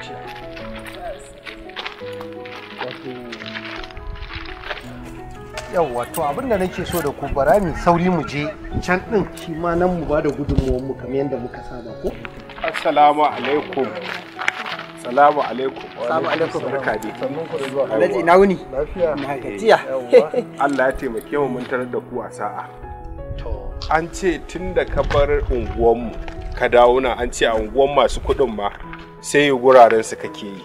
action yawwa to abin da nake so da ku bara mu sauri mu je can din shi ma nan mu bada gudunmuwar mu kamar yadda muka saba ko assalamu alaikum Salamu alaikum. Salamu alaikum. Barka dai. Sannun ku da zuwa. Alhaji ina wuni? Lafiya. Na gajiya. Allah ya taimake mu mun tarar da ku a sa'a. To. An ce tun da ka bar mu ka dawo na an ce a unguwan masu kuɗin ma sai guraren su kake yi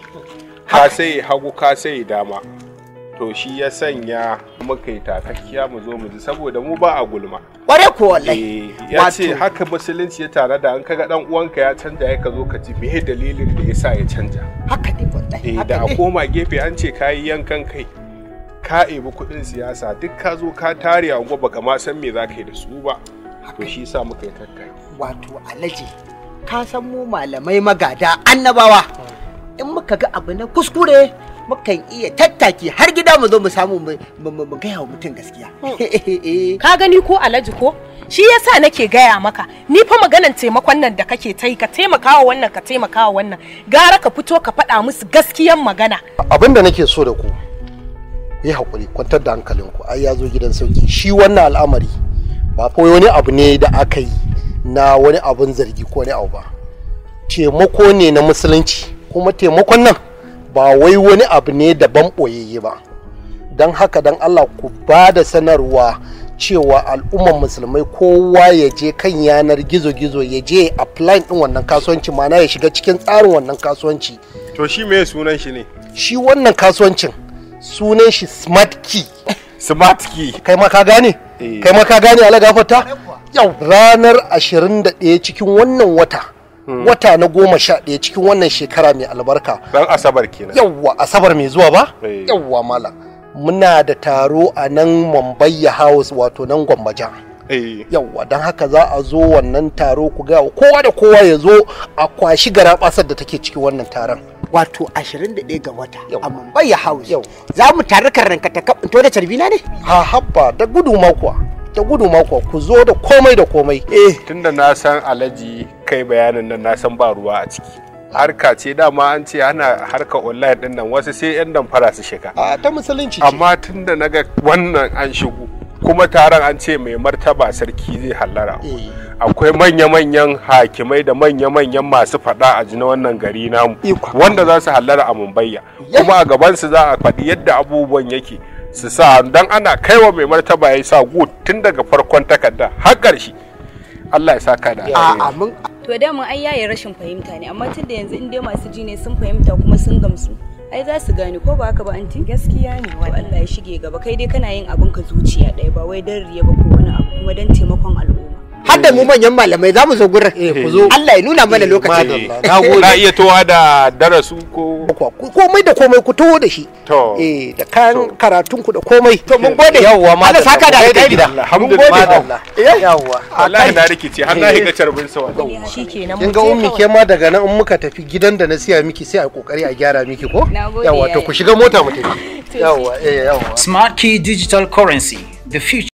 ka sai hagu ka sai dama to shi ya sanya muka yi takakkiya mu zo mu ji saboda mu ba a gulma kware ko wallahi eh, ya ce haka musulunci ya tare da an kaga ɗan uwanka ya canja ya ka zo ka ji me dalilin da yasa ya canja haka ne wallahi eh, da a koma gefe an ce kayi yankan kai ka ebi kuɗin siyasa duk ka zo ka tare a gwa baka ma san me za ka yi da su ba to shi sa muka yi tattaki wato alaji ka san mu malamai magada annabawa in muka ga abu na kuskure mukan iya tattaki har gida mu zo mu samu mu gaya wa mutum gaskiya. Ka gani ko alhaji ko? Shi yasa nake gaya maka, ni fa maganan taimakon nan da kake ta yi ka taimaka wa wannan ka taimaka wa wannan gara ka fito ka faɗa musu gaskiyan magana. Abin da nake so da ku, yi hakuri kwantar da hankalinku, ai ya zo gidan sauki shi wannan al'amari ba wani abu ne da aka yi na wani abun zargi ko wani abu ba taimako ne na musulunci kuma taimakon nan ba wai wani abu ne daban ɓoyayye ba don haka don allah ku ba da sanarwa cewa al'umman musulmai kowa ya je kan yanar gizo-gizo ya je a plan din wannan kasuwanci mana ya shiga cikin tsarin wannan kasuwanci to shi me sunan shi ne shi wannan kasuwancin sunan shi smart key smart key kai ma ka gane eh. kai ma ka gane ala gafarta yau ranar 21 cikin wannan wata hmm. wata na goma sha ɗaya cikin wannan shekara mai albarka dan asabar kenan yawwa asabar mai zuwa ba eh. yawwa mala muna da taro a nan mambayya House wato nan Gwambaja eh. yawwa don haka za a zo wannan taro ku ga kowa da kowa ya zo a kwashi gara basar da take cikin wannan taron wato 21 ga wata a mambayya House za mu tare karranka In to da carbina ne ha habba da gudu makuwa da gudu mako ku zo da komai da komai eh tunda na san alaji kai bayanin nan na san ba ruwa a ciki harka ce dama an ce ana harka online din nan wasu sai yan damfara su shiga a ta musulunci amma tunda naga wannan an shigo kuma taron an ce mai martaba sarki zai hallara eh. akwai manya-manyan hakimai da manya-manyan masu fada a jina wannan gari namu wanda za su hallara a mumbayya kuma a gabansu za a faɗi yadda abubuwan yake su sa dan ana kaiwa mai martaba ya sa gut tun daga farkon takarda har ƙarshe Allah ya saka da amin to da mun ai yayi rashin fahimta ne amma tun da yanzu in dai masu ji ne sun fahimta kuma sun gamsu ai za su gane ko ba haka ba anti gaskiya ne wai Allah ya shige gaba kai dai kana yin abin ka zuciya ɗaya ba wai dan riya ba ko wani abu kuma dan da mu manyan malamai za mu zo gurin eh, eh, Allah ya nuna mana eh, lokacin na iya towa da darasu ko komai da komai ku towo da shi eh da kan karatun ku da komai to mun gode yawwa ma Allah saka da kai gida Allah yawwa Allah na rikici har na higa carbin sawa shikenan kin ga ummi ke ma daga nan in muka tafi gidan da na siya miki sai a kokari a gyara miki ko yawwa to ku shiga mota mu tafi yawwa eh yawwa smart key digital currency the future